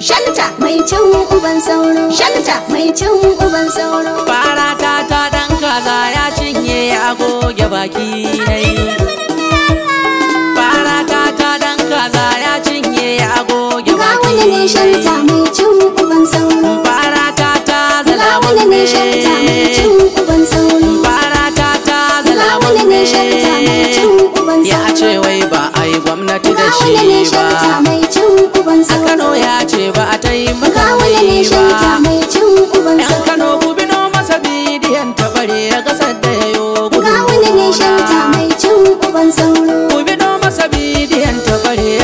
Shanta mai cin uban sauro. Shanta mai cin uban sauro. Fara ta ta dan kaza ya cinye ya goge baki nai. Fara ta ta dan kaza ya cinye ya goge baki. nai wani ne shanta mai cin uban sauro. Fara ta ta zala wani ne shanta mai uban sauro. Fara ta ta zala wani ne shanta mai uban sauro. Ya ce wai ba ai gwamnati da shi ba.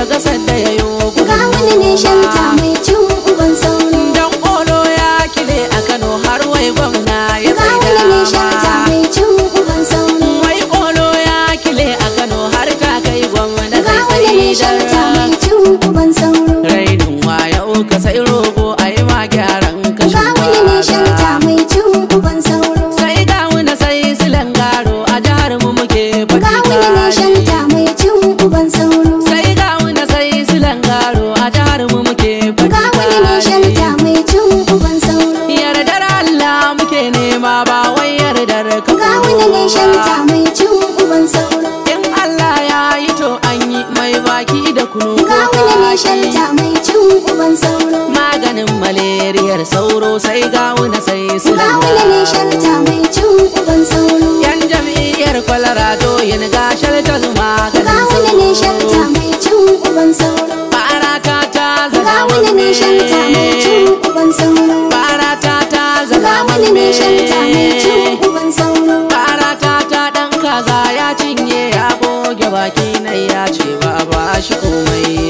daga sadda ya yi ga wani ne shan malaryar sauro sai gawuna sai su gawuna ne shalta mai cin uban sauro yan jam'iyyar colorado yin ga shalta zuma gawuna ne shalta mai cin uban sauro baraka ta zaga wani ne shalta mai cin uban sauro barata ta zaga wani ne shalta mai cin uban sauro barata ta dan kaza ya cinye ya goge baki na ya ce ba ba shi komai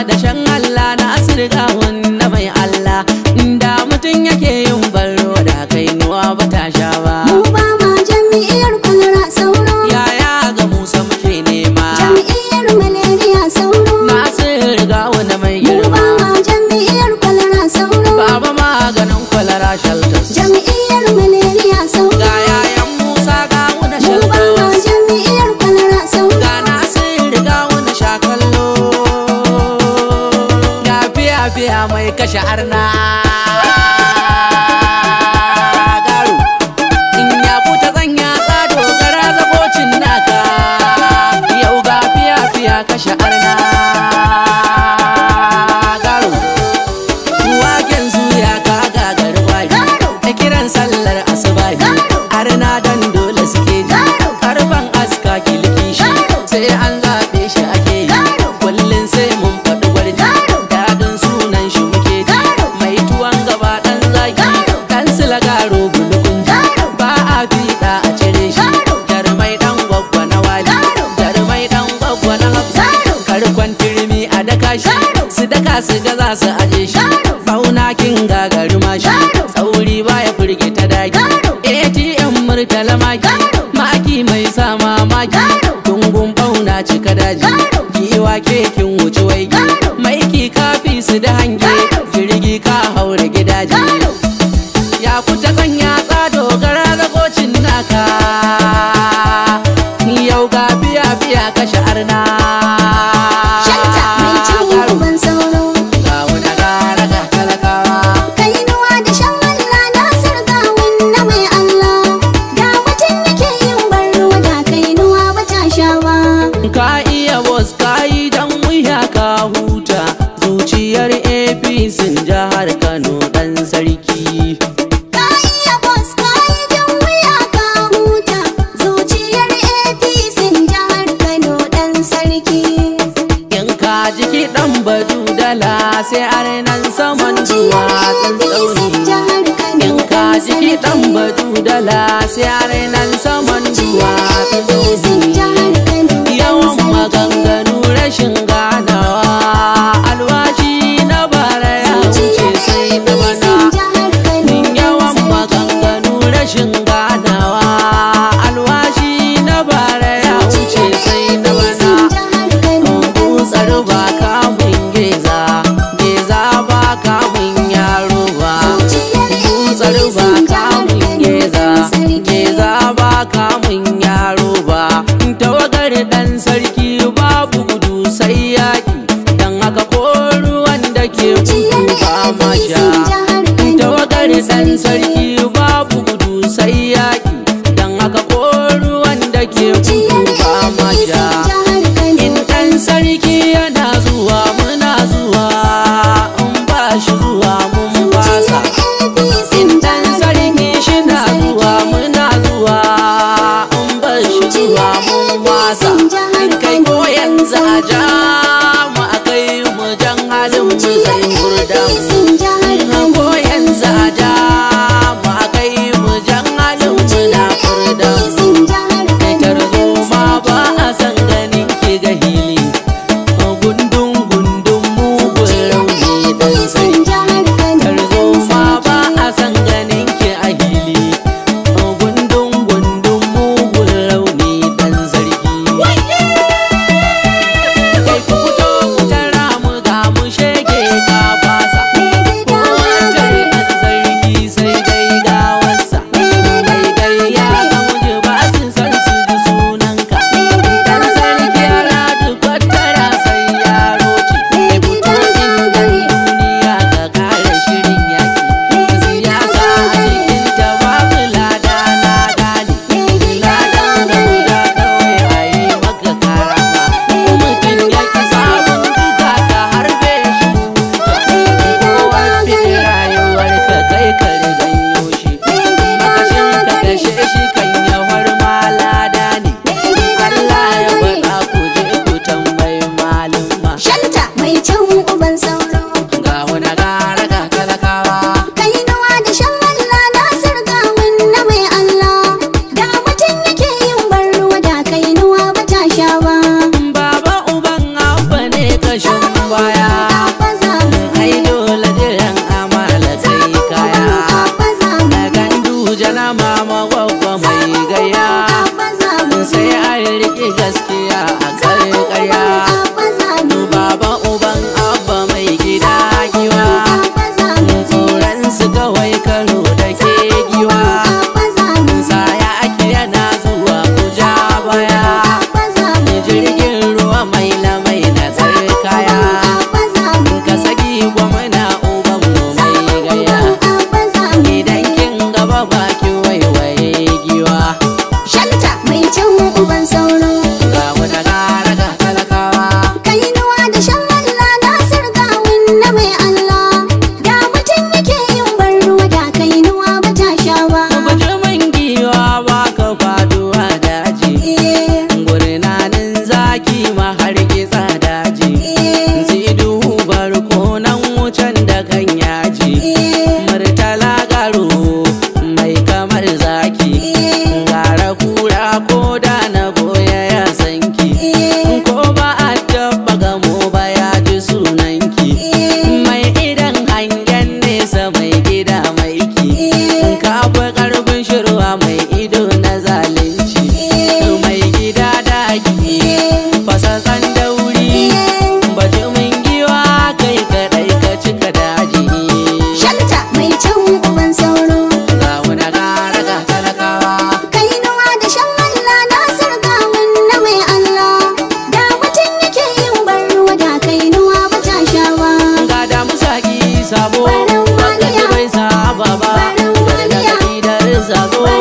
da shan Allah na asirga wanda mai Allah inda mutum yake yi know. kwala garo bulukun ba a fiɗa a cire shi jarumai dan gwaggwa na wali jarumai dan gwaggwa na hafsa karkon turmi a daka shi su daka su ga za su aje shi fauna kin gagari mashi tsauri baya furge ta daki atm murtala maki maki mai sa mamaki dungun fauna cika daji kiwa kekin wuce mai maiki kafi su da hanyar. sai arnan saman zuwa tsauni in ka jiki dan batu dala sai arnan saman zuwa tsauni da kura ¡Gracias!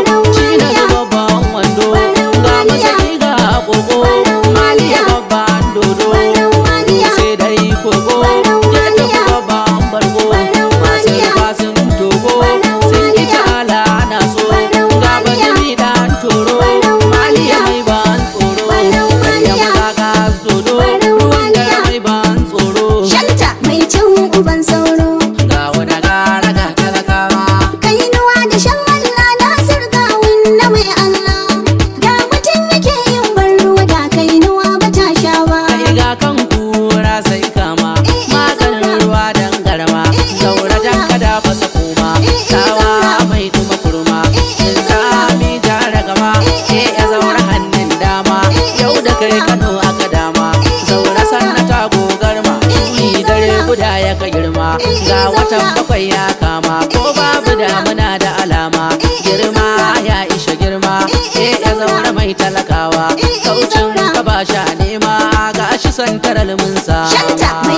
son karal min sama